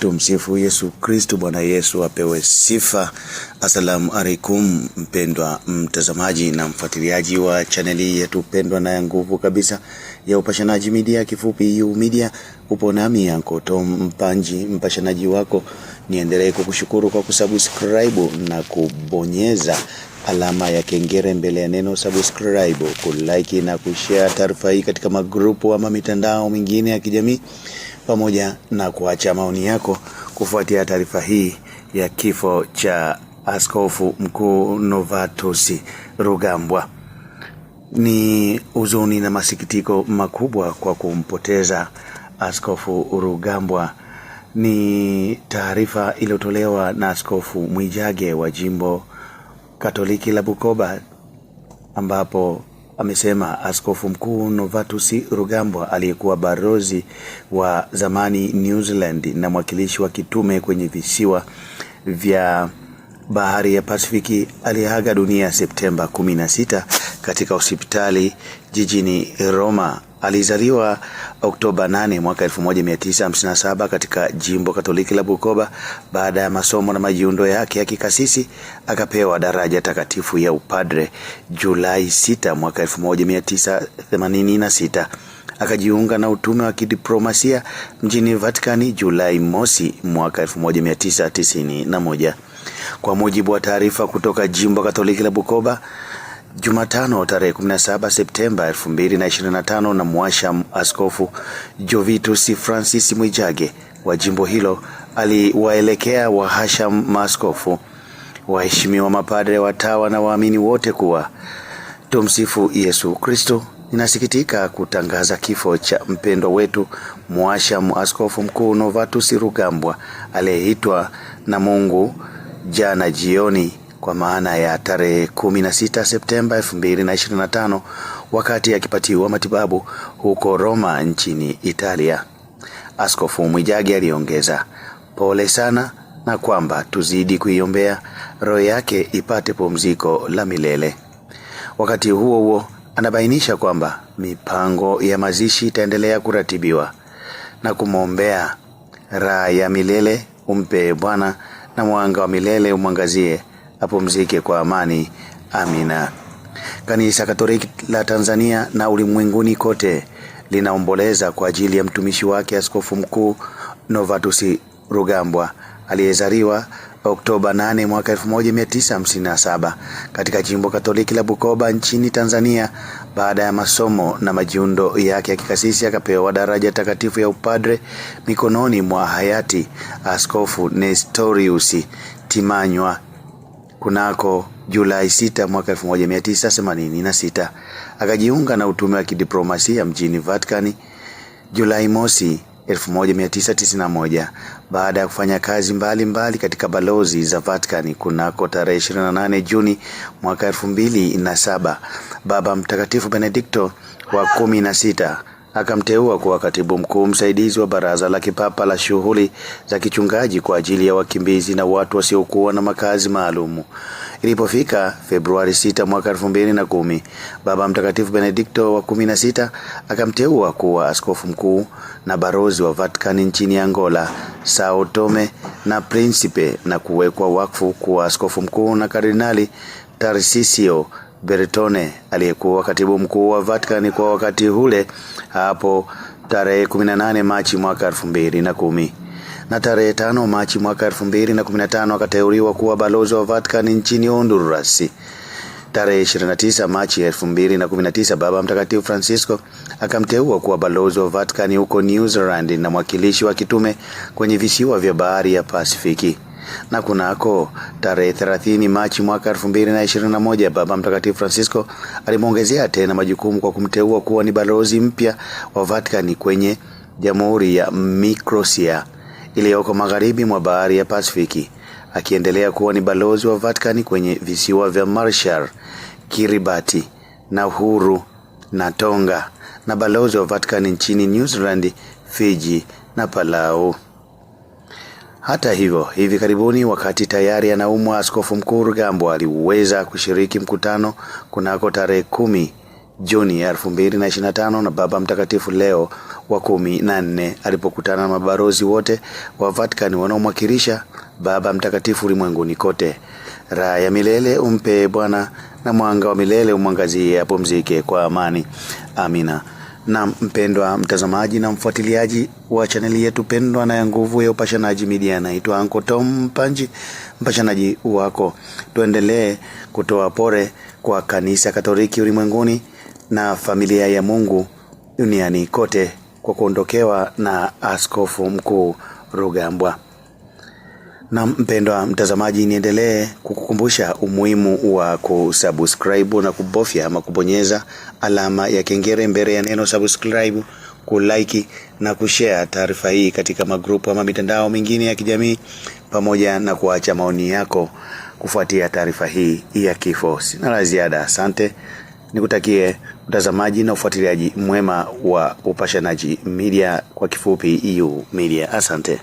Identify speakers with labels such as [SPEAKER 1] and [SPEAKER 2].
[SPEAKER 1] Tumsifu Yesu Kristu. Bwana Yesu apewe sifa. Asalamu alaikum, mpendwa mtazamaji na mfuatiliaji wa chaneli yetu pendwa na ya nguvu kabisa ya upashanaji media, kifupi U Media. Upo nami yanko Tom Mpanji, mpashanaji wako. Niendelee kukushukuru kwa kusubscribe na kubonyeza alama ya kengele mbele ya neno subscribe, kulike na kushare taarifa hii katika magrupu ama mitandao mingine ya kijamii pamoja na kuacha maoni yako kufuatia taarifa hii ya kifo cha Askofu Mkuu Novatus Rugambwa. Ni huzuni na masikitiko makubwa kwa kumpoteza Askofu Rugambwa. Ni taarifa iliyotolewa na Askofu Mwijage wa jimbo Katoliki la Bukoba ambapo amesema Askofu Mkuu Novatus Rugambwa aliyekuwa barozi wa zamani New Zealand na mwakilishi wa kitume kwenye visiwa vya bahari ya Pasifiki aliaga dunia Septemba 16 katika hospitali jijini Roma. Alizaliwa Oktoba 8 mwaka 1957 katika jimbo Katoliki la Bukoba. Baada ya masomo na majiundo yake ya kikasisi, akapewa daraja takatifu ya upadre Julai 6 mwaka 1986. Akajiunga na utume wa kidiplomasia mjini Vatikani Julai mosi mwaka 1991. Kwa mujibu wa taarifa kutoka jimbo Katoliki la Bukoba, Jumatano tarehe 17 Septemba 2025 na mwasha Askofu Jovitus Francis Mwijage wa jimbo hilo aliwaelekea wahasha maaskofu, waheshimiwa mapadre, watawa na waamini wote kuwa tumsifu Yesu Kristo. Ninasikitika kutangaza kifo cha mpendwa wetu mwasha askofu mkuu Novatus Rugambwa aliyeitwa na Mungu jana jioni kwa maana ya tarehe 16 Septemba 2025 wakati akipatiwa matibabu huko Roma nchini Italia. Askofu Mwijage aliongeza pole sana na kwamba tuzidi kuiombea roho yake ipate pumziko la milele. Wakati huo huo, anabainisha kwamba mipango ya mazishi itaendelea kuratibiwa na kumwombea raha ya milele umpe Bwana na mwanga wa milele umwangazie, apumzike kwa amani. Amina. Kanisa Katoliki la Tanzania na ulimwenguni kote linaomboleza kwa ajili ya mtumishi wake Askofu Mkuu Novatus Rugambwa aliyezaliwa Oktoba 8 mwaka 1957 katika jimbo Katoliki la Bukoba nchini Tanzania. Baada ya masomo na majiundo yake ya kikasisi, akapewa daraja takatifu ya upadre mikononi mwa hayati Askofu Nestorius Timanywa kunako Julai 6 mwaka 1986. Akajiunga na utume wa kidiplomasia mjini vatican Julai mosi 1991 baada ya kufanya kazi mbalimbali mbali katika balozi za Vatican kunako tarehe 28 Juni mwaka 2007 Baba Mtakatifu Benedikto wa kumi na sita akamteua kuwa katibu mkuu msaidizi wa Baraza la Kipapa la Shughuli za Kichungaji kwa ajili ya wakimbizi na watu wasiokuwa na makazi maalumu. Ilipofika Februari 6 mwaka 2010, Baba Mtakatifu Benedikto wa 16 akamteua kuwa askofu mkuu na barozi wa Vatican nchini Angola, Sao Tome na Principe na kuwekwa wakfu kuwa askofu mkuu na Kardinali Tarsisio Bertone aliyekuwa katibu mkuu wa Vatican kwa wakati ule hapo tarehe 18 Machi mwaka 2010 na na tarehe 5 Machi mwaka 2015 akateuliwa kuwa balozi wa Vatican nchini Honduras. Tarehe 29 Machi 2019 Baba Mtakatifu Francisco akamteua kuwa balozi wa Vatican huko New Zealand na mwakilishi wa kitume kwenye visiwa vya bahari ya Pasifiki na kunako tarehe 30 Machi mwaka 2021 Baba Mtakatifu Francisco alimwongezea tena majukumu kwa kumteua kuwa ni balozi mpya wa Vatican kwenye Jamhuri ya Micronesia iliyoko magharibi mwa bahari ya Pasifiki, akiendelea kuwa ni balozi wa Vatican kwenye visiwa vya Marshall, Kiribati na Uhuru na Tonga na balozi wa Vatican nchini New Zealand, Fiji na Palau. Hata hivyo, hivi karibuni wakati tayari anaumwa, Askofu Mkuu Rugambwa aliweza kushiriki mkutano kunako tarehe kumi Juni elfu mbili na ishirini na tano na Baba Mtakatifu Leo wa kumi na nne alipokutana na mabalozi wote wa Vatican wanaomwakilisha Baba Mtakatifu ulimwenguni kote. Raha ya milele umpe Bwana, na mwanga wa milele umwangazie, apumzike kwa amani. Amina na mpendwa mtazamaji na mfuatiliaji wa chaneli yetu pendwa na ya nguvu ya upashanaji media, naitwa Anko Tom Mpanji, mpashanaji wako. Tuendelee kutoa pore kwa kanisa Katoliki ulimwenguni na familia ya Mungu duniani kote kwa kuondokewa na askofu mkuu Rugambwa. Na mpendwa mtazamaji, niendelee kukukumbusha umuhimu wa kusubscribe na kubofya ama kubonyeza alama ya kengele mbele ya neno subscribe, kulike na kushare taarifa hii katika magrupu ama mitandao mingine ya kijamii, pamoja na kuacha maoni yako kufuatia taarifa hii ya kifo. Sina la ziada, asante. Nikutakie mtazamaji na ufuatiliaji mwema wa Upashanaji Media, kwa kifupi EU Media. Asante.